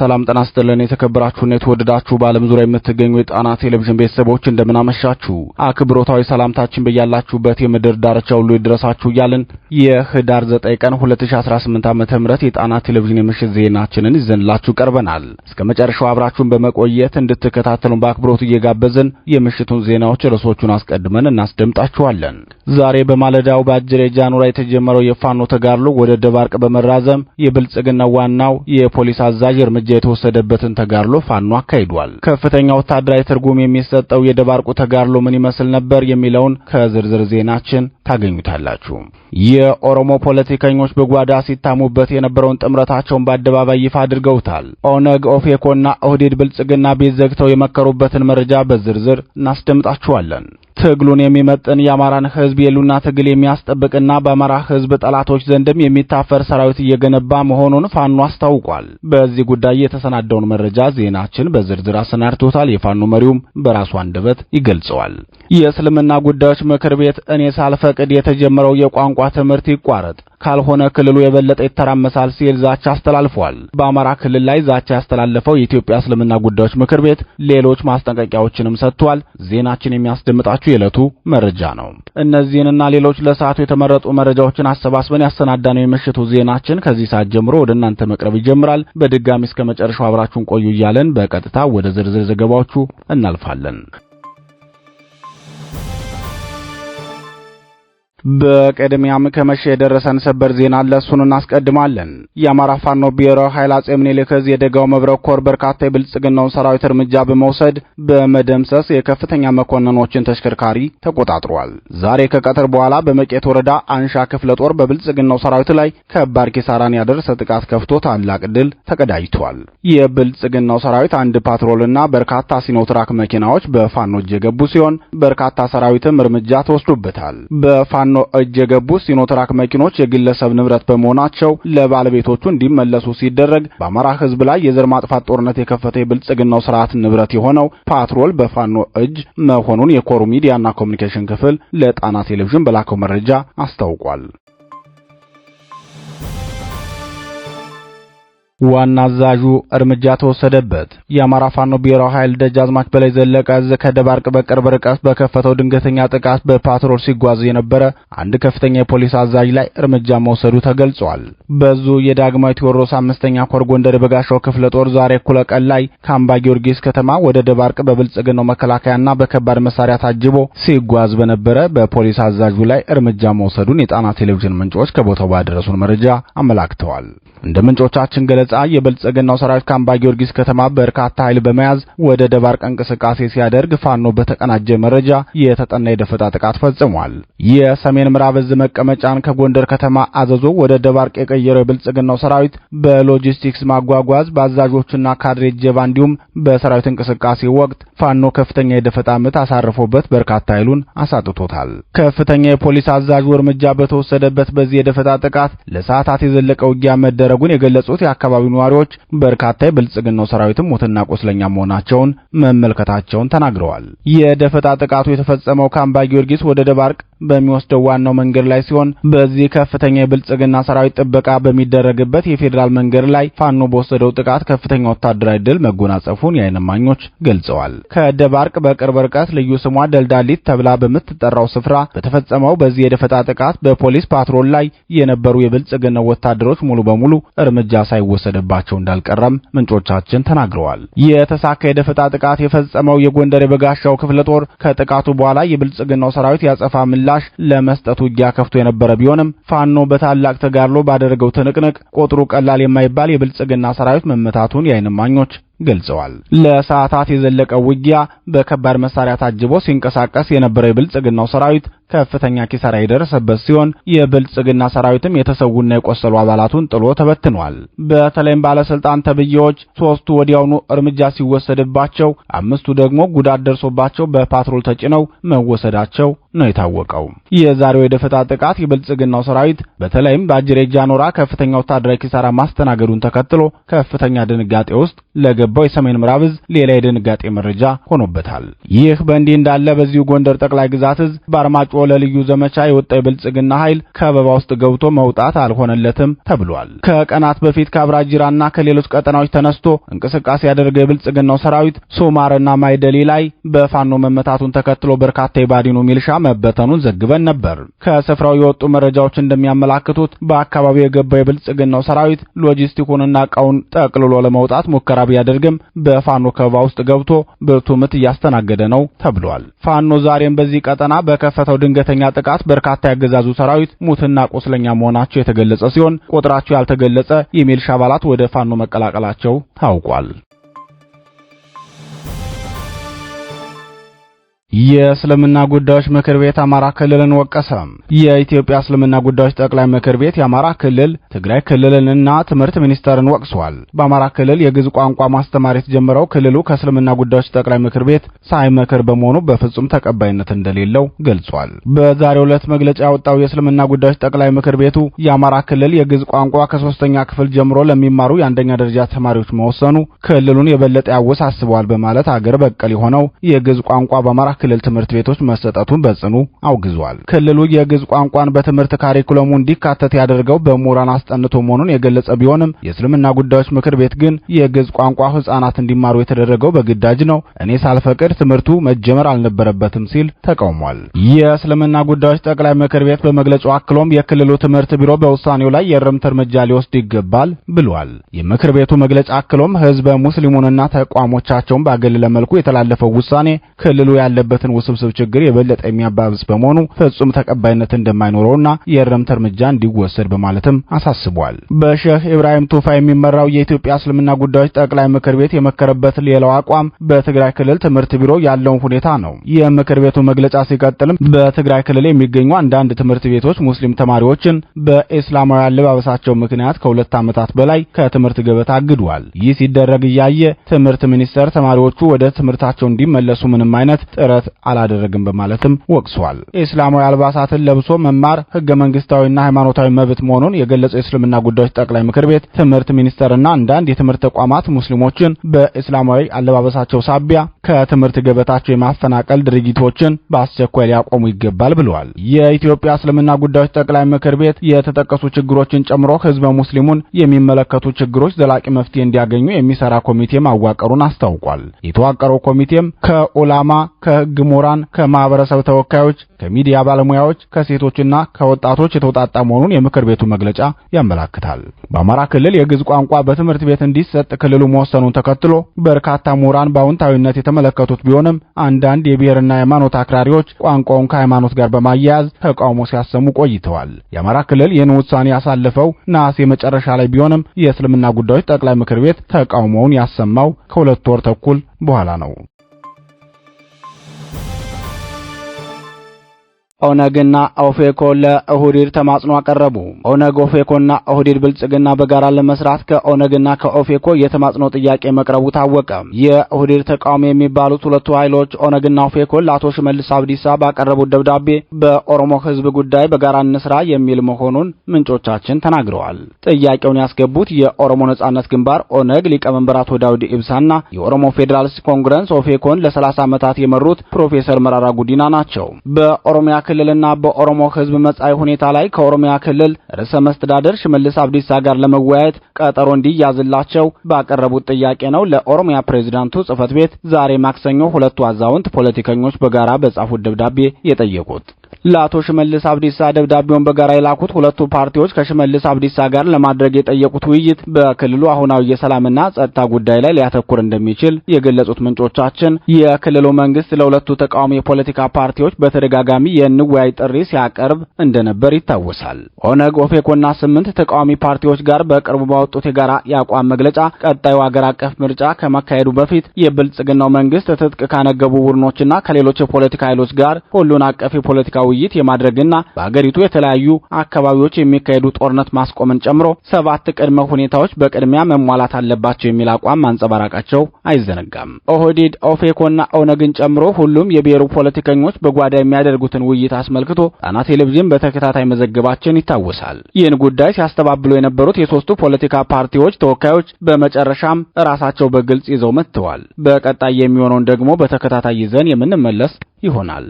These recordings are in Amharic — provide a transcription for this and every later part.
ሰላም ጤና ይስጥልን። የተከበራችሁና የተወደዳችሁ በዓለም ዙሪያ የምትገኙ የጣና ቴሌቪዥን ቤተሰቦች እንደምናመሻችሁ አክብሮታዊ ሰላምታችን በያላችሁበት የምድር ዳርቻ ሁሉ ይድረሳችሁ እያልን የህዳር 9 ቀን 2018 ዓ.ም የጣና ቴሌቪዥን የምሽት ዜናችንን ይዘንላችሁ ቀርበናል። እስከ መጨረሻው አብራችሁን በመቆየት እንድትከታተሉን በአክብሮት እየጋበዝን የምሽቱን ዜናዎች ርዕሶቹን አስቀድመን እናስደምጣችኋለን። ዛሬ በማለዳው በአጅሬ ጃኑራ የተጀመረው የፋኖ ተጋድሎ ወደ ደባርቅ በመራዘም የብልጽግና ዋናው የፖሊስ አዛዥ እርምጃ የተወሰደበትን ተጋድሎ ፋኖ አካሂዷል። ከፍተኛ ወታደራዊ ትርጉም የሚሰጠው የደባርቁ ተጋድሎ ምን ይመስል ነበር የሚለውን ከዝርዝር ዜናችን ታገኙታላችሁ። የኦሮሞ ፖለቲከኞች በጓዳ ሲታሙበት የነበረውን ጥምረታቸውን በአደባባይ ይፋ አድርገውታል። ኦነግ፣ ኦፌኮና ኦህዴድ ብልጽግና ቤት ዘግተው የመከሩበትን መረጃ በዝርዝር እናስደምጣችኋለን። ትግሉን የሚመጥን የአማራን ህዝብ የሉና ትግል የሚያስጠብቅና በአማራ ህዝብ ጠላቶች ዘንድም የሚታፈር ሰራዊት እየገነባ መሆኑን ፋኖ አስታውቋል። በዚህ ጉዳይ የተሰናዳውን መረጃ ዜናችን በዝርዝር አሰናድቶታል። የፋኖ መሪውም በራሱ አንደበት ይገልጸዋል። የእስልምና ጉዳዮች ምክር ቤት እኔ ሳልፈ በዕቅድ የተጀመረው የቋንቋ ትምህርት ይቋረጥ፣ ካልሆነ ክልሉ የበለጠ ይተራመሳል ሲል ዛቻ አስተላልፏል። በአማራ ክልል ላይ ዛቻ ያስተላለፈው የኢትዮጵያ እስልምና ጉዳዮች ምክር ቤት ሌሎች ማስጠንቀቂያዎችንም ሰጥቷል። ዜናችን የሚያስደምጣችሁ የዕለቱ መረጃ ነው። እነዚህንና ሌሎች ለሰዓቱ የተመረጡ መረጃዎችን አሰባስበን ያሰናዳነው የምሽቱ ዜናችን ከዚህ ሰዓት ጀምሮ ወደ እናንተ መቅረብ ይጀምራል። በድጋሚ እስከ መጨረሻው አብራችሁን ቆዩ እያለን በቀጥታ ወደ ዝርዝር ዘገባዎቹ እናልፋለን። በቅድሚያም ከመሸ የደረሰን ሰበር ዜና ለሱን እናስቀድማለን። የአማራ ፋኖ ብሔራዊ ኃይል አጼ ምኒልክ የደጋው መብረቅ ኮር በርካታ የብልጽግናውን ሰራዊት እርምጃ በመውሰድ በመደምሰስ የከፍተኛ መኮንኖችን ተሽከርካሪ ተቆጣጥሯል። ዛሬ ከቀትር በኋላ በመቄት ወረዳ አንሻ ክፍለ ጦር በብልጽግናው ሰራዊት ላይ ከባድ ኪሳራን ያደረሰ ጥቃት ከፍቶ ታላቅ ድል ተቀዳጅቷል። የብልጽግናው ሰራዊት አንድ ፓትሮልና በርካታ ሲኖትራክ መኪናዎች በፋኖ እጅ የገቡ ሲሆን በርካታ ሰራዊትም እርምጃ ተወስዶበታል። በፋኖ በፋኖ እጅ የገቡ ሲኖትራክ መኪኖች የግለሰብ ንብረት በመሆናቸው ለባለቤቶቹ እንዲመለሱ ሲደረግ በአማራ ህዝብ ላይ የዘር ማጥፋት ጦርነት የከፈተ የብልጽግናው ስርዓት ንብረት የሆነው ፓትሮል በፋኖ እጅ መሆኑን የኮሩ ሚዲያና ኮሚኒኬሽን ክፍል ለጣና ቴሌቪዥን በላከው መረጃ አስታውቋል። ዋና አዛዡ እርምጃ ተወሰደበት። የአማራ ፋኖ ብሔራዊ ኃይል ደጃዝማች በላይ ዘለቀ እዝ ከደባርቅ በቅርብ ርቀት በከፈተው ድንገተኛ ጥቃት በፓትሮል ሲጓዝ የነበረ አንድ ከፍተኛ የፖሊስ አዛዥ ላይ እርምጃ መውሰዱ ተገልጿል። በዙ የዳግማዊ ቴዎድሮስ አምስተኛ ኮር ጎንደር በጋሻው ክፍለ ጦር ዛሬ እኩለ ቀን ላይ ከአምባ ጊዮርጊስ ከተማ ወደ ደባርቅ በብልጽግናው መከላከያና በከባድ መሳሪያ ታጅቦ ሲጓዝ በነበረ በፖሊስ አዛዡ ላይ እርምጃ መውሰዱን የጣና ቴሌቪዥን ምንጮች ከቦታው ባደረሱን መረጃ አመላክተዋል። እንደ ምንጮቻችን ገለጻ የብልጽግናው ሰራዊት ከአምባ ጊዮርጊስ ከተማ በርካታ ኃይል በመያዝ ወደ ደባርቅ እንቅስቃሴ ሲያደርግ ፋኖ በተቀናጀ መረጃ የተጠና የደፈጣ ጥቃት ፈጽሟል። የሰሜን ምዕራብ እዝ መቀመጫን ከጎንደር ከተማ አዘዞ ወደ ደባርቅ የቀየረው የብልጽግናው ሰራዊት በሎጂስቲክስ ማጓጓዝ፣ በአዛዦችና ካድሬ ጀባ እንዲሁም በሰራዊት እንቅስቃሴ ወቅት ፋኖ ከፍተኛ የደፈጣ ምት አሳርፎበት በርካታ ኃይሉን አሳጥቶታል። ከፍተኛ የፖሊስ አዛዡ እርምጃ በተወሰደበት በዚህ የደፈጣ ጥቃት ለሰዓታት የዘለቀ ውጊያ መደረጉን የገለጹት የአካባቢ የአካባቢው ነዋሪዎች በርካታ የብልጽግናው ሰራዊትም ሞትና ቆስለኛ መሆናቸውን መመልከታቸውን ተናግረዋል። የደፈጣ ጥቃቱ የተፈጸመው ከአምባ ጊዮርጊስ ወደ ደባርቅ በሚወስደው ዋናው መንገድ ላይ ሲሆን በዚህ ከፍተኛ የብልጽግና ሰራዊት ጥበቃ በሚደረግበት የፌዴራል መንገድ ላይ ፋኖ በወሰደው ጥቃት ከፍተኛ ወታደራዊ ድል መጎናጸፉን የዓይን እማኞች ገልጸዋል። ከደባርቅ በቅርብ ርቀት ልዩ ስሟ ደልዳሊት ተብላ በምትጠራው ስፍራ በተፈጸመው በዚህ የደፈጣ ጥቃት በፖሊስ ፓትሮል ላይ የነበሩ የብልጽግና ወታደሮች ሙሉ በሙሉ እርምጃ ሳይወሰድ እየተወሰደባቸው እንዳልቀረም ምንጮቻችን ተናግረዋል። የተሳካ የደፈጣ ጥቃት የፈጸመው የጎንደር የበጋሻው ክፍለ ጦር ከጥቃቱ በኋላ የብልጽግናው ሰራዊት ያጸፋ ምላሽ ለመስጠት ውጊያ ከፍቶ የነበረ ቢሆንም ፋኖ በታላቅ ተጋድሎ ባደረገው ትንቅንቅ ቁጥሩ ቀላል የማይባል የብልጽግና ሰራዊት መመታቱን የአይንማኞች ገልጸዋል። ለሰዓታት የዘለቀው ውጊያ በከባድ መሳሪያ ታጅቦ ሲንቀሳቀስ የነበረው የብልጽግናው ሰራዊት ከፍተኛ ኪሳራ የደረሰበት ሲሆን የብልጽግና ሰራዊትም የተሰዉና የቆሰሉ አባላቱን ጥሎ ተበትኗል። በተለይም ባለስልጣን ተብዬዎች ሶስቱ ወዲያውኑ እርምጃ ሲወሰድባቸው፣ አምስቱ ደግሞ ጉዳት ደርሶባቸው በፓትሮል ተጭነው መወሰዳቸው ነው የታወቀው። የዛሬው የደፈጣ ጥቃት የብልጽግናው ሰራዊት በተለይም በአጅሬ ጃኖራ ከፍተኛ ወታደራዊ ኪሳራ ማስተናገዱን ተከትሎ ከፍተኛ ድንጋጤ ውስጥ ለገባው የሰሜን ምዕራብ እዝ ሌላ የድንጋጤ መረጃ ሆኖበታል። ይህ በእንዲህ እንዳለ በዚሁ ጎንደር ጠቅላይ ግዛት እዝ በአርማጭሆ ለልዩ ዘመቻ የወጣ የብልጽግና ኃይል ከበባ ውስጥ ገብቶ መውጣት አልሆነለትም ተብሏል። ከቀናት በፊት ከአብራጅራና ከሌሎች ቀጠናዎች ተነስቶ እንቅስቃሴ ያደረገ የብልጽግናው ሰራዊት ሶማርና ማይደሌ ላይ በፋኖ መመታቱን ተከትሎ በርካታ የባዲኑ ሚልሻ መበተኑን ዘግበን ነበር። ከስፍራው የወጡ መረጃዎች እንደሚያመላክቱት በአካባቢው የገባው የብልጽግናው ሰራዊት ሎጂስቲኩንና እቃውን ጠቅልሎ ለመውጣት ሙከራ ጭፍጨፋ ቢያደርግም በፋኖ ከበባ ውስጥ ገብቶ ብርቱ ምት እያስተናገደ ነው ተብሏል። ፋኖ ዛሬም በዚህ ቀጠና በከፈተው ድንገተኛ ጥቃት በርካታ ያገዛዙ ሰራዊት ሙትና ቆስለኛ መሆናቸው የተገለጸ ሲሆን ቁጥራቸው ያልተገለጸ የሚልሻ አባላት ወደ ፋኖ መቀላቀላቸው ታውቋል። የእስልምና ጉዳዮች ምክር ቤት አማራ ክልልን ወቀሰ። የኢትዮጵያ እስልምና ጉዳዮች ጠቅላይ ምክር ቤት የአማራ ክልል፣ ትግራይ ክልልንና ትምህርት ሚኒስቴርን ወቅሷል። በአማራ ክልል የግዕዝ ቋንቋ ማስተማር የተጀመረው ክልሉ ከእስልምና ጉዳዮች ጠቅላይ ምክር ቤት ሳይመክር በመሆኑ በፍጹም ተቀባይነት እንደሌለው ገልጿል። በዛሬው ዕለት መግለጫ ያወጣው የእስልምና ጉዳዮች ጠቅላይ ምክር ቤቱ የአማራ ክልል የግዕዝ ቋንቋ ከሶስተኛ ክፍል ጀምሮ ለሚማሩ የአንደኛ ደረጃ ተማሪዎች መወሰኑ ክልሉን የበለጠ ያወሳስበዋል በማለት አገር በቀል የሆነው የግዕዝ ቋንቋ በአማራ ክልል ትምህርት ቤቶች መሰጠቱን በጽኑ አውግዟል። ክልሉ የግዕዝ ቋንቋን በትምህርት ካሪኩለሙ እንዲካተት ያደርገው በምሁራን አስጠንቶ መሆኑን የገለጸ ቢሆንም የእስልምና ጉዳዮች ምክር ቤት ግን የግዕዝ ቋንቋ ሕፃናት እንዲማሩ የተደረገው በግዳጅ ነው፣ እኔ ሳልፈቅድ ትምህርቱ መጀመር አልነበረበትም ሲል ተቃውሟል። የእስልምና ጉዳዮች ጠቅላይ ምክር ቤት በመግለጫው አክሎም የክልሉ ትምህርት ቢሮ በውሳኔው ላይ የእርምት እርምጃ ሊወስድ ይገባል ብሏል። የምክር ቤቱ መግለጫ አክሎም ሕዝበ ሙስሊሙንና ተቋሞቻቸውን ባገለለ መልኩ የተላለፈው ውሳኔ ክልሉ ያለበት ያለበትን ውስብስብ ችግር የበለጠ የሚያባብስ በመሆኑ ፍጹም ተቀባይነት እንደማይኖረውና የእርምት እርምጃ እንዲወሰድ በማለትም አሳስቧል። በሼህ ኢብራሂም ቱፋ የሚመራው የኢትዮጵያ እስልምና ጉዳዮች ጠቅላይ ምክር ቤት የመከረበት ሌላው አቋም በትግራይ ክልል ትምህርት ቢሮ ያለውን ሁኔታ ነው። የምክር ቤቱ መግለጫ ሲቀጥልም በትግራይ ክልል የሚገኙ አንዳንድ ትምህርት ቤቶች ሙስሊም ተማሪዎችን በኢስላማዊ አለባበሳቸው ምክንያት ከሁለት ዓመታት በላይ ከትምህርት ገበታ አግዷል። ይህ ሲደረግ እያየ ትምህርት ሚኒስቴር ተማሪዎቹ ወደ ትምህርታቸው እንዲመለሱ ምንም አይነት ጥረት ትኩረት አላደረግም በማለትም ወቅሷል። የእስላማዊ አልባሳትን ለብሶ መማር ህገ መንግስታዊና ሃይማኖታዊ መብት መሆኑን የገለጸው የእስልምና ጉዳዮች ጠቅላይ ምክር ቤት ትምህርት ሚኒስቴርና አንዳንድ የትምህርት ተቋማት ሙስሊሞችን በእስላማዊ አለባበሳቸው ሳቢያ ከትምህርት ገበታቸው የማፈናቀል ድርጊቶችን በአስቸኳይ ሊያቆሙ ይገባል ብለዋል። የኢትዮጵያ እስልምና ጉዳዮች ጠቅላይ ምክር ቤት የተጠቀሱ ችግሮችን ጨምሮ ህዝበ ሙስሊሙን የሚመለከቱ ችግሮች ዘላቂ መፍትሄ እንዲያገኙ የሚሰራ ኮሚቴ ማዋቀሩን አስታውቋል። የተዋቀረው ኮሚቴም ከዑላማ ከ ከሕግ ምሁራን፣ ከማህበረሰብ ተወካዮች፣ ከሚዲያ ባለሙያዎች፣ ከሴቶችና ከወጣቶች የተውጣጣ መሆኑን የምክር ቤቱ መግለጫ ያመላክታል። በአማራ ክልል የግዕዝ ቋንቋ በትምህርት ቤት እንዲሰጥ ክልሉ መወሰኑን ተከትሎ በርካታ ምሁራን በአውንታዊነት የተመለከቱት ቢሆንም አንዳንድ የብሔርና የሃይማኖት አክራሪዎች ቋንቋውን ከሃይማኖት ጋር በማያያዝ ተቃውሞ ሲያሰሙ ቆይተዋል። የአማራ ክልል ይህን ውሳኔ ያሳለፈው ነሐሴ መጨረሻ ላይ ቢሆንም የእስልምና ጉዳዮች ጠቅላይ ምክር ቤት ተቃውሞውን ያሰማው ከሁለት ወር ተኩል በኋላ ነው። ኦነግና ኦፌኮ ለኦህዴድ ተማጽኖ አቀረቡ። ኦነግ፣ ኦፌኮና ኦህዴድ ብልጽግና በጋራ ለመስራት ከኦነግና ከኦፌኮ የተማጽኖ ጥያቄ መቅረቡ ታወቀ። የኦህዴድ ተቃዋሚ የሚባሉት ሁለቱ ኃይሎች ኦነግና ኦፌኮ ለአቶ ሽመልስ አብዲሳ ባቀረቡት ደብዳቤ በኦሮሞ ህዝብ ጉዳይ በጋራ እንስራ የሚል መሆኑን ምንጮቻችን ተናግረዋል። ጥያቄውን ያስገቡት የኦሮሞ ነጻነት ግንባር ኦነግ ሊቀመንበር አቶ ዳውድ ኢብሳና የኦሮሞ ፌዴራልስ ኮንግረስ ኦፌኮን ለ30 ዓመታት የመሩት ፕሮፌሰር መራራ ጉዲና ናቸው። በኦሮሚያ ክልልና በኦሮሞ ህዝብ መጻኢ ሁኔታ ላይ ከኦሮሚያ ክልል ርዕሰ መስተዳደር ሽመልስ አብዲሳ ጋር ለመወያየት ቀጠሮ እንዲያዝላቸው ባቀረቡት ጥያቄ ነው። ለኦሮሚያ ፕሬዝዳንቱ ጽፈት ቤት ዛሬ ማክሰኞ ሁለቱ አዛውንት ፖለቲከኞች በጋራ በጻፉት ደብዳቤ የጠየቁት ለአቶ ሽመልስ አብዲሳ ደብዳቤውን በጋራ የላኩት ሁለቱ ፓርቲዎች ከሽመልስ አብዲሳ ጋር ለማድረግ የጠየቁት ውይይት በክልሉ አሁናዊ የሰላምና ጸጥታ ጉዳይ ላይ ሊያተኩር እንደሚችል የገለጹት ምንጮቻችን የክልሉ መንግስት ለሁለቱ ተቃዋሚ የፖለቲካ ፓርቲዎች በተደጋጋሚ የንወያይ ጥሪ ሲያቀርብ እንደነበር ይታወሳል። ኦነግ ኦፌኮና ስምንት ተቃዋሚ ፓርቲዎች ጋር በቅርቡ ባወጡት የጋራ የአቋም መግለጫ ቀጣዩ አገር አቀፍ ምርጫ ከመካሄዱ በፊት የብልጽግናው መንግስት ትጥቅ ካነገቡ ቡድኖችና ከሌሎች የፖለቲካ ኃይሎች ጋር ሁሉን አቀፍ የፖለቲካ ውይይት የማድረግና በአገሪቱ የተለያዩ አካባቢዎች የሚካሄዱ ጦርነት ማስቆምን ጨምሮ ሰባት ቅድመ ሁኔታዎች በቅድሚያ መሟላት አለባቸው የሚል አቋም ማንጸባረቃቸው አይዘነጋም። ኦህዴድ፣ ኦፌኮና ኦነግን ጨምሮ ሁሉም የብሔሩ ፖለቲከኞች በጓዳ የሚያደርጉትን ውይይት አስመልክቶ ጣና ቴሌቪዥን በተከታታይ መዘገባችን ይታወሳል። ይህን ጉዳይ ሲያስተባብሉ የነበሩት የሶስቱ ፖለቲካ ፓርቲዎች ተወካዮች በመጨረሻም ራሳቸው በግልጽ ይዘው መጥተዋል። በቀጣይ የሚሆነውን ደግሞ በተከታታይ ይዘን የምንመለስ ይሆናል።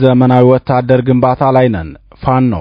ዘመናዊ ወታደር ግንባታ ላይ ነን። ፋኖ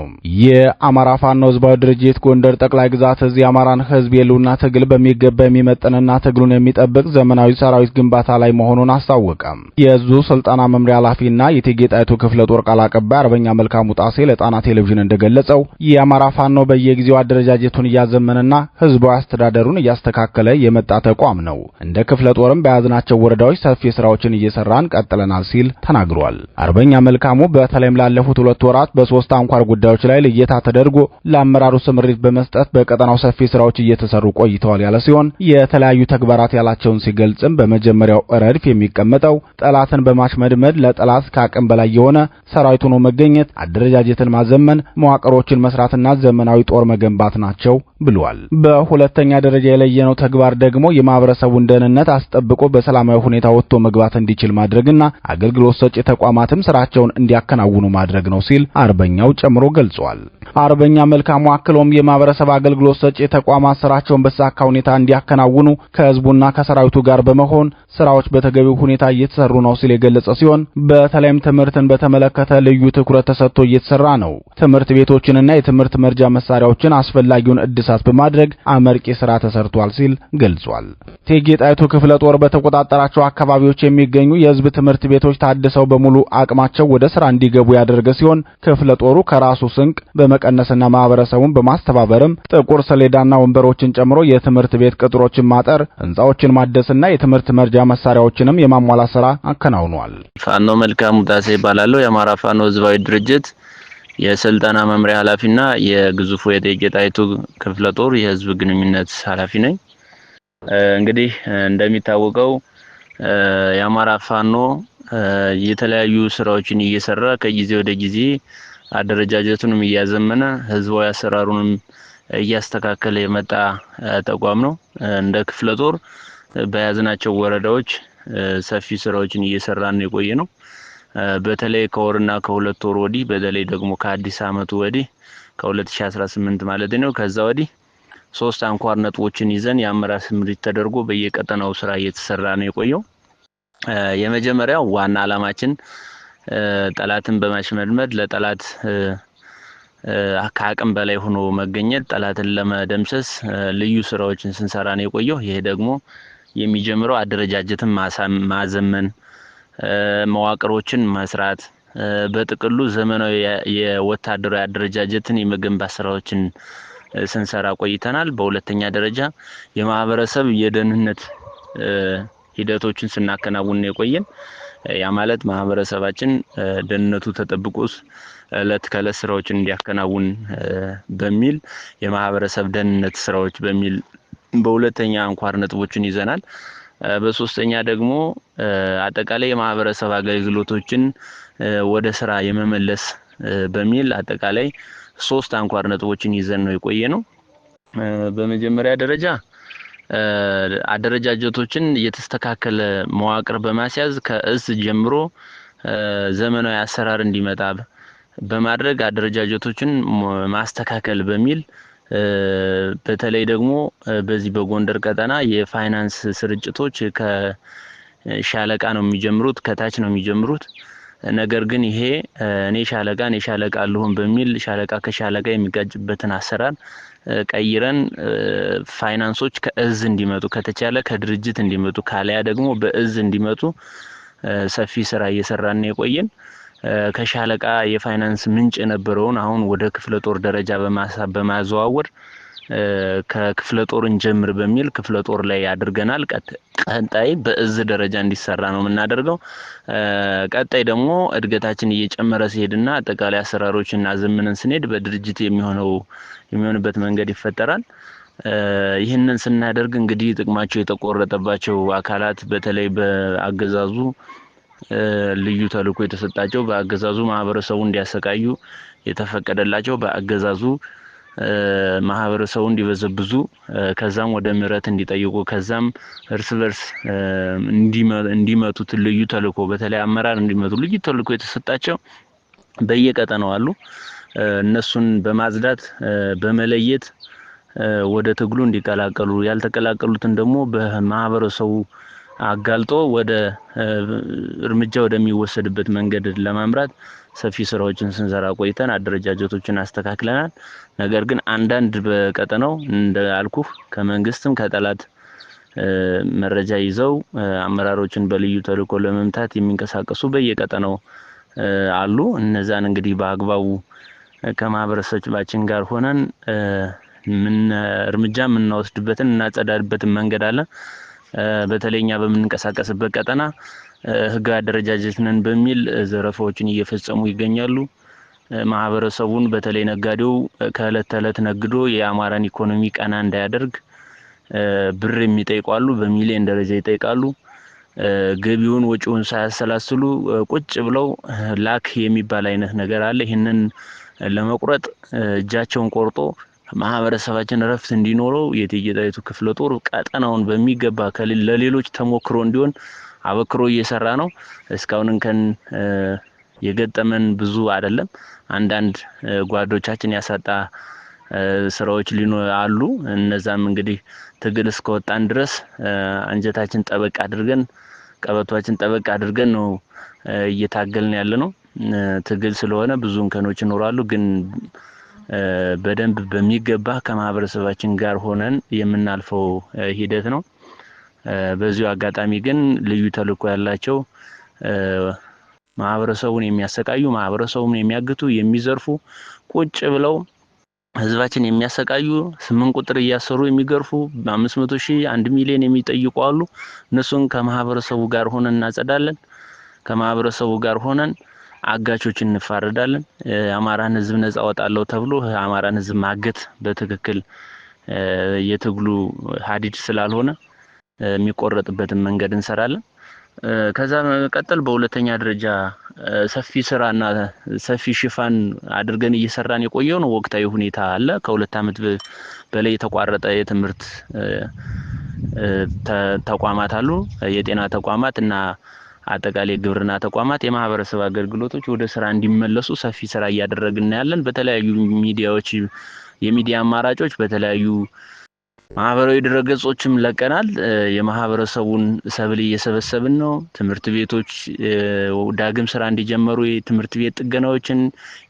የአማራ ፋኖ ህዝባዊ ድርጅት ጎንደር ጠቅላይ ግዛት እዚህ የአማራን ህዝብ የህልውና ትግል በሚገባ የሚመጥንና ትግሉን የሚጠብቅ ዘመናዊ ሰራዊት ግንባታ ላይ መሆኑን አስታወቀ። የዙ ስልጠና መምሪያ ኃላፊና የእቴጌ ጣይቱ ክፍለ ጦር ቃል አቀባይ አርበኛ መልካሙ ጣሴ ለጣና ቴሌቪዥን እንደገለጸው የአማራ ፋኖ በየጊዜው አደረጃጀቱን እያዘመንና ህዝባዊ አስተዳደሩን እያስተካከለ የመጣ ተቋም ነው። እንደ ክፍለ ጦርም በያዝናቸው ወረዳዎች ሰፊ ስራዎችን እየሰራን ቀጥለናል ሲል ተናግሯል። አርበኛ መልካሙ በተለይም ላለፉት ሁለት ወራት በሶስት አንኳር ጉዳዮች ላይ ልየታ ተደርጎ ለአመራሩ ስምሪት በመስጠት በቀጠናው ሰፊ ስራዎች እየተሰሩ ቆይተዋል ያለ ሲሆን የተለያዩ ተግባራት ያላቸውን ሲገልጽም በመጀመሪያው ረድፍ የሚቀመጠው ጠላትን በማሽመድመድ ለጠላት ከአቅም በላይ የሆነ ሰራዊት ሆኖ መገኘት፣ አደረጃጀትን ማዘመን፣ መዋቅሮችን መስራትና ዘመናዊ ጦር መገንባት ናቸው ብሏል። በሁለተኛ ደረጃ የለየነው ተግባር ደግሞ የማህበረሰቡን ደህንነት አስጠብቆ በሰላማዊ ሁኔታ ወጥቶ መግባት እንዲችል ማድረግና አገልግሎት ሰጪ ተቋማትም ስራቸው ስራቸውን እንዲያከናውኑ ማድረግ ነው ሲል አርበኛው ጨምሮ ገልጿል። አርበኛ መልካሙ አክሎም የማህበረሰብ አገልግሎት ሰጪ ተቋማት ስራቸውን በተሳካ ሁኔታ እንዲያከናውኑ ከህዝቡና ከሰራዊቱ ጋር በመሆን ስራዎች በተገቢው ሁኔታ እየተሰሩ ነው ሲል የገለጸ ሲሆን በተለይም ትምህርትን በተመለከተ ልዩ ትኩረት ተሰጥቶ እየተሰራ ነው። ትምህርት ቤቶችንና የትምህርት መርጃ መሳሪያዎችን አስፈላጊውን እድሳት በማድረግ አመርቂ ስራ ተሰርቷል ሲል ገልጿል። እቴጌ ጣይቱ ክፍለ ጦር በተቆጣጠራቸው አካባቢዎች የሚገኙ የህዝብ ትምህርት ቤቶች ታድሰው በሙሉ አቅማቸው ወደ ስራ እንዲገቡ ያደረገ ሲሆን ክፍለ ጦሩ ከራሱ ስንቅ በመቀነስና ማህበረሰቡን በማስተባበርም ጥቁር ሰሌዳና ወንበሮችን ጨምሮ የትምህርት ቤት ቅጥሮችን ማጠር፣ ህንፃዎችን ማደስና የትምህርት መርጃ መሳሪያዎችንም የማሟላት ስራ አከናውኗል። ፋኖ መልካሙ ጣሴ ይባላለሁ። የአማራ ፋኖ ህዝባዊ ድርጅት የስልጠና መምሪያ ኃላፊና የግዙፉ የእቴጌ ጣይቱ ክፍለ ጦር የህዝብ ግንኙነት ኃላፊ ነኝ። እንግዲህ እንደሚታወቀው የአማራ ፋኖ የተለያዩ ስራዎችን እየሰራ ከጊዜ ወደ ጊዜ አደረጃጀቱንም እያዘመነ ህዝባዊ አሰራሩንም እያስተካከለ የመጣ ተቋም ነው። እንደ ክፍለ ጦር በያዝናቸው ወረዳዎች ሰፊ ስራዎችን እየሰራን የቆየ ነው። በተለይ ከወርና ከሁለት ወር ወዲህ በተለይ ደግሞ ከአዲስ አመቱ ወዲህ ከ2018 ማለት ነው ከዛ ወዲህ ሶስት አንኳር ነጥቦችን ይዘን የአመራር ስምሪት ተደርጎ በየቀጠናው ስራ እየተሰራ ነው የቆየው። የመጀመሪያው ዋና አላማችን ጠላትን በማሽመድመድ ለጠላት ከአቅም በላይ ሆኖ መገኘት፣ ጠላትን ለመደምሰስ ልዩ ስራዎችን ስንሰራ ነው የቆየው። ይሄ ደግሞ የሚጀምረው አደረጃጀትን ማዘመን፣ መዋቅሮችን መስራት፣ በጥቅሉ ዘመናዊ የወታደራዊ አደረጃጀትን የመገንባት ስራዎችን ስንሰራ ቆይተናል። በሁለተኛ ደረጃ የማህበረሰብ የደህንነት ሂደቶችን ስናከናውን የቆየን ያ ማለት ማህበረሰባችን ደህንነቱ ተጠብቆ እለት ከእለት ስራዎችን እንዲያከናውን በሚል የማህበረሰብ ደህንነት ስራዎች በሚል በሁለተኛ አንኳር ነጥቦችን ይዘናል። በሶስተኛ ደግሞ አጠቃላይ የማህበረሰብ አገልግሎቶችን ወደ ስራ የመመለስ በሚል አጠቃላይ ሶስት አንኳር ነጥቦችን ይዘን ነው የቆየ ነው። በመጀመሪያ ደረጃ አደረጃጀቶችን የተስተካከለ መዋቅር በማስያዝ ከእስ ጀምሮ ዘመናዊ አሰራር እንዲመጣ በማድረግ አደረጃጀቶችን ማስተካከል በሚል በተለይ ደግሞ በዚህ በጎንደር ቀጠና የፋይናንስ ስርጭቶች ከሻለቃ ነው የሚጀምሩት፣ ከታች ነው የሚጀምሩት። ነገር ግን ይሄ እኔ ሻለቃ እኔ ሻለቃ አለሁን በሚል ሻለቃ ከሻለቃ የሚጋጭበትን አሰራር ቀይረን ፋይናንሶች ከእዝ እንዲመጡ ከተቻለ ከድርጅት እንዲመጡ ካለያ ደግሞ በእዝ እንዲመጡ ሰፊ ስራ እየሰራን የቆየን ከሻለቃ የፋይናንስ ምንጭ የነበረውን አሁን ወደ ክፍለ ጦር ደረጃ በማዘዋወር ከክፍለ ጦር እንጀምር በሚል ክፍለ ጦር ላይ አድርገናል። ቀጣይ በእዝ ደረጃ እንዲሰራ ነው የምናደርገው። ቀጣይ ደግሞ እድገታችን እየጨመረ ሲሄድና አጠቃላይ አሰራሮችና ዘምንን ስንሄድ በድርጅት የሚሆነው የሚሆንበት መንገድ ይፈጠራል። ይህንን ስናደርግ እንግዲህ ጥቅማቸው የተቆረጠባቸው አካላት በተለይ በአገዛዙ ልዩ ተልኮ የተሰጣቸው በአገዛዙ ማህበረሰቡ እንዲያሰቃዩ የተፈቀደላቸው በአገዛዙ ማህበረሰቡ እንዲበዘብዙ ከዛም ወደ ምህረት እንዲጠይቁ ከዛም እርስ በርስ እንዲመቱት ልዩ ተልዕኮ በተለይ አመራር እንዲመቱ ልዩ ተልዕኮ የተሰጣቸው በየቀጠናው አሉ። እነሱን በማጽዳት በመለየት ወደ ትግሉ እንዲቀላቀሉ ያልተቀላቀሉትን ደግሞ በማህበረሰቡ አጋልጦ ወደ እርምጃ ወደሚወሰድበት መንገድ ለማምራት ሰፊ ስራዎችን ስንሰራ ቆይተን አደረጃጀቶችን አስተካክለናል። ነገር ግን አንዳንድ በቀጠናው እንዳልኩህ ከመንግስትም ከጠላት መረጃ ይዘው አመራሮችን በልዩ ተልዕኮ ለመምታት የሚንቀሳቀሱ በየቀጠናው አሉ። እነዛን እንግዲህ በአግባቡ ከማህበረሰባችን ጋር ሆነን እርምጃ የምናወስድበትን እናጸዳድበትን መንገድ አለ። በተለይ እኛ በምንንቀሳቀስበት ቀጠና ህግ አደረጃጀት ነን በሚል ዘረፋዎችን እየፈጸሙ ይገኛሉ። ማህበረሰቡን በተለይ ነጋዴው ከእለት ተዕለት ነግዶ የአማራን ኢኮኖሚ ቀና እንዳያደርግ ብር የሚጠይቋሉ፣ በሚሊዮን ደረጃ ይጠይቃሉ። ገቢውን ወጪውን ሳያሰላስሉ ቁጭ ብለው ላክ የሚባል አይነት ነገር አለ። ይህንን ለመቁረጥ እጃቸውን ቆርጦ ማህበረሰባችን እረፍት እንዲኖረው የእቴጌ ጣይቱ ክፍለ ጦር ቀጠናውን በሚገባ ለሌሎች ተሞክሮ እንዲሆን አበክሮ እየሰራ ነው። እስካሁን እንከን የገጠመን ብዙ አይደለም። አንዳንድ ጓዶቻችን ያሳጣ ስራዎች ሊኖ አሉ። እነዛም እንግዲህ ትግል እስከወጣን ድረስ አንጀታችን ጠበቅ አድርገን ቀበቷችን ጠበቅ አድርገን ነው እየታገልን ያለ ነው። ትግል ስለሆነ ብዙ እንከኖች ይኖራሉ፣ ግን በደንብ በሚገባ ከማህበረሰባችን ጋር ሆነን የምናልፈው ሂደት ነው። በዚሁ አጋጣሚ ግን ልዩ ተልዕኮ ያላቸው ማህበረሰቡን የሚያሰቃዩ ማህበረሰቡን የሚያግቱ የሚዘርፉ ቁጭ ብለው ህዝባችን የሚያሰቃዩ ስምንት ቁጥር እያሰሩ የሚገርፉ በአምስት መቶ ሺህ አንድ ሚሊዮን የሚጠይቁ አሉ። እነሱን ከማህበረሰቡ ጋር ሆነን እናጸዳለን። ከማህበረሰቡ ጋር ሆነን አጋቾች እንፋረዳለን። የአማራን ህዝብ ነጻ አወጣለሁ ተብሎ አማራን ህዝብ ማገት በትክክል የትግሉ ሀዲድ ስላልሆነ የሚቆረጥበትን መንገድ እንሰራለን። ከዛ መቀጠል በሁለተኛ ደረጃ ሰፊ ስራና ሰፊ ሽፋን አድርገን እየሰራን የቆየው ነው ወቅታዊ ሁኔታ አለ። ከሁለት ዓመት በላይ የተቋረጠ የትምህርት ተቋማት አሉ። የጤና ተቋማት እና አጠቃላይ ግብርና ተቋማት የማህበረሰብ አገልግሎቶች ወደ ስራ እንዲመለሱ ሰፊ ስራ እያደረግን ያለን በተለያዩ ሚዲያዎች የሚዲያ አማራጮች በተለያዩ ማህበራዊ ድረገጾችም ለቀናል። የማህበረሰቡን ሰብል እየሰበሰብን ነው። ትምህርት ቤቶች ዳግም ስራ እንዲጀመሩ የትምህርት ቤት ጥገናዎችን፣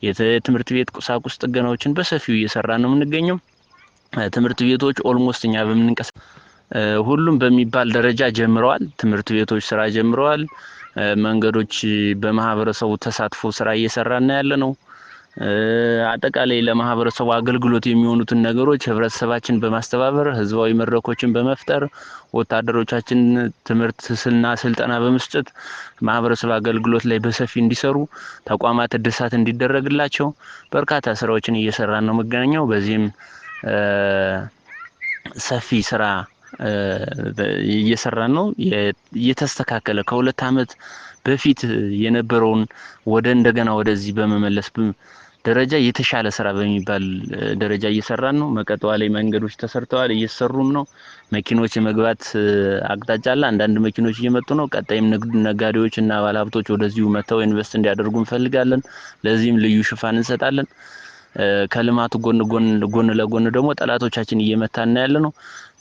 የትምህርት ቤት ቁሳቁስ ጥገናዎችን በሰፊው እየሰራ ነው የምንገኘው። ትምህርት ቤቶች ኦልሞስት እኛ በምንንቀሳ ሁሉም በሚባል ደረጃ ጀምረዋል። ትምህርት ቤቶች ስራ ጀምረዋል። መንገዶች በማህበረሰቡ ተሳትፎ ስራ እየሰራና ያለ ነው። አጠቃላይ ለማህበረሰቡ አገልግሎት የሚሆኑትን ነገሮች ህብረተሰባችን በማስተባበር ህዝባዊ መድረኮችን በመፍጠር ወታደሮቻችን ትምህርት ስልና ስልጠና በመስጠት ማህበረሰብ አገልግሎት ላይ በሰፊ እንዲሰሩ ተቋማት እድሳት እንዲደረግላቸው በርካታ ስራዎችን እየሰራን ነው የምገኘው። በዚህም ሰፊ ስራ እየሰራን ነው። እየተስተካከለ ከሁለት አመት በፊት የነበረውን ወደ እንደገና ወደዚህ በመመለስ ደረጃ የተሻለ ስራ በሚባል ደረጃ እየሰራን ነው። መቀጠዋ ላይ መንገዶች ተሰርተዋል፣ እየሰሩም ነው። መኪኖች የመግባት አቅጣጫ አለ። አንዳንድ መኪኖች እየመጡ ነው። ቀጣይም ንግድ ነጋዴዎች እና ባለሀብቶች ወደዚሁ መጥተው ኢንቨስት እንዲያደርጉ እንፈልጋለን። ለዚህም ልዩ ሽፋን እንሰጣለን። ከልማቱ ጎን ጎን ጎን ለጎን ደግሞ ጠላቶቻችን እየመታና ያለ ነው።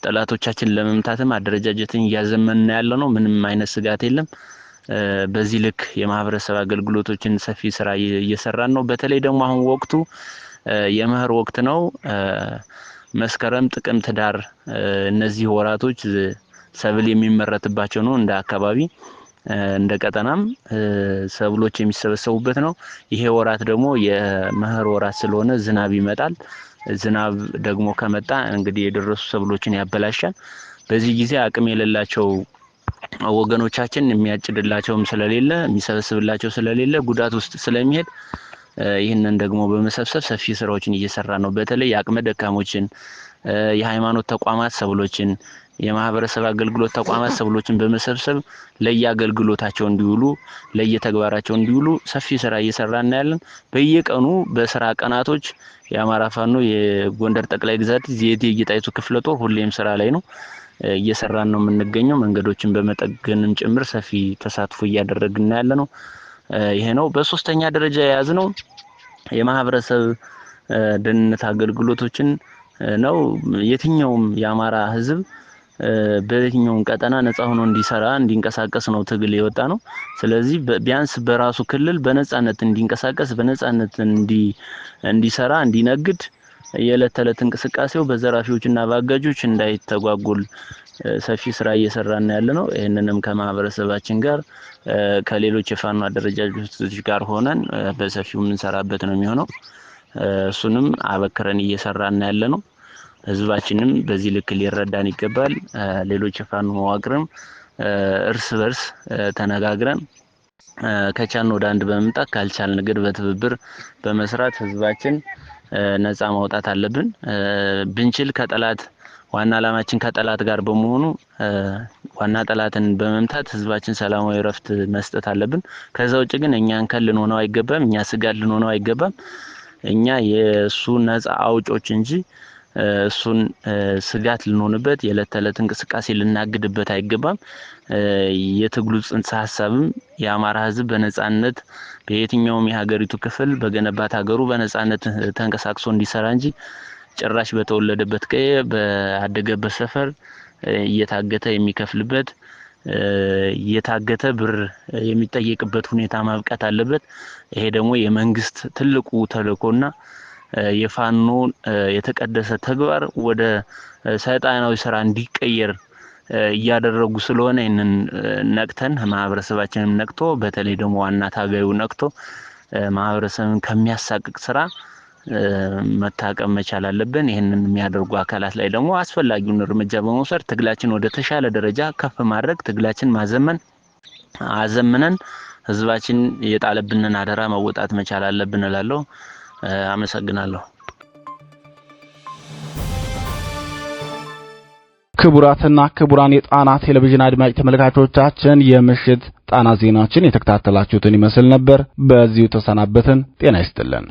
ጠላቶቻችን ለመምታትም አደረጃጀትን እያዘመንና ያለ ነው። ምንም አይነት ስጋት የለም። በዚህ ልክ የማህበረሰብ አገልግሎቶችን ሰፊ ስራ እየሰራን ነው። በተለይ ደግሞ አሁን ወቅቱ የመኸር ወቅት ነው። መስከረም፣ ጥቅምት፣ ዳር እነዚህ ወራቶች ሰብል የሚመረትባቸው ነው። እንደ አካባቢ እንደ ቀጠናም ሰብሎች የሚሰበሰቡበት ነው። ይሄ ወራት ደግሞ የመኸር ወራት ስለሆነ ዝናብ ይመጣል። ዝናብ ደግሞ ከመጣ እንግዲህ የደረሱ ሰብሎችን ያበላሻል። በዚህ ጊዜ አቅም የሌላቸው ወገኖቻችን የሚያጭድላቸውም ስለሌለ የሚሰበስብላቸው ስለሌለ ጉዳት ውስጥ ስለሚሄድ ይህንን ደግሞ በመሰብሰብ ሰፊ ስራዎችን እየሰራ ነው። በተለይ የአቅመ ደካሞችን፣ የሃይማኖት ተቋማት ሰብሎችን፣ የማህበረሰብ አገልግሎት ተቋማት ሰብሎችን በመሰብሰብ ለየአገልግሎታቸው እንዲውሉ ለየተግባራቸው እንዲውሉ ሰፊ ስራ እየሰራ እናያለን። በየቀኑ በስራ ቀናቶች የአማራ ፋኖ የጎንደር ጠቅላይ ግዛት የእቴጌ ጣይቱ ክፍለ ጦር ሁሌም ስራ ላይ ነው። እየሰራን ነው የምንገኘው። መንገዶችን በመጠገንም ጭምር ሰፊ ተሳትፎ እያደረግን ያለ ነው። ይሄ ነው። በሶስተኛ ደረጃ የያዝ ነው የማህበረሰብ ደህንነት አገልግሎቶችን ነው። የትኛውም የአማራ ህዝብ በየትኛውም ቀጠና ነጻ ሆኖ እንዲሰራ እንዲንቀሳቀስ ነው ትግል የወጣ ነው። ስለዚህ ቢያንስ በራሱ ክልል በነጻነት እንዲንቀሳቀስ በነጻነት እንዲሰራ እንዲነግድ የዕለት ተዕለት እንቅስቃሴው በዘራፊዎችና በአጋጆች እንዳይተጓጉል ሰፊ ስራ እየሰራን ያለ ነው። ይህንንም ከማህበረሰባችን ጋር ከሌሎች የፋኖ አደረጃጆች ጋር ሆነን በሰፊው የምንሰራበት ነው የሚሆነው። እሱንም አበክረን እየሰራን ያለ ነው። ህዝባችንም በዚህ ልክ ሊረዳን ይገባል። ሌሎች የፋኖ መዋቅርም እርስ በርስ ተነጋግረን ከቻን ወደ አንድ በመምጣት ካልቻልን ግን በትብብር በመስራት ህዝባችን ነፃ ማውጣት አለብን። ብንችል ከጠላት ዋና አላማችን ከጠላት ጋር በመሆኑ ዋና ጠላትን በመምታት ህዝባችን ሰላማዊ እረፍት መስጠት አለብን። ከዛ ውጭ ግን እኛ እንከን ልንሆነው አይገባም። እኛ ስጋት ልንሆነው አይገባም። እኛ የእሱ ነፃ አውጮች እንጂ እሱን ስጋት ልንሆንበት የዕለት ተዕለት እንቅስቃሴ ልናግድበት አይገባም። የትግሉ ጽንሰ ሀሳብም የአማራ ህዝብ በነጻነት በየትኛውም የሀገሪቱ ክፍል በገነባት ሀገሩ በነጻነት ተንቀሳቅሶ እንዲሰራ እንጂ ጭራሽ በተወለደበት ቀ በአደገበት ሰፈር እየታገተ የሚከፍልበት እየታገተ ብር የሚጠየቅበት ሁኔታ ማብቃት አለበት። ይሄ ደግሞ የመንግስት ትልቁ ተልእኮና የፋኖ የተቀደሰ ተግባር ወደ ሰይጣናዊ ስራ እንዲቀየር እያደረጉ ስለሆነ ይህንን ነቅተን ማህበረሰባችንም ነቅቶ በተለይ ደግሞ ዋና ታጋዩ ነቅቶ ማህበረሰብን ከሚያሳቅቅ ስራ መታቀም መቻል አለብን። ይህንን የሚያደርጉ አካላት ላይ ደግሞ አስፈላጊውን እርምጃ በመውሰድ ትግላችን ወደ ተሻለ ደረጃ ከፍ ማድረግ ትግላችን ማዘመን አዘምነን ህዝባችን የጣለብንን አደራ መወጣት መቻል አለብን እላለሁ። አመሰግናለሁ። ክቡራትና ክቡራን የጣና ቴሌቪዥን አድማጭ ተመልካቾቻችን የምሽት ጣና ዜናችን የተከታተላችሁትን ይመስል ነበር። በዚሁ ተሰናበትን። ጤና ይስጥልን።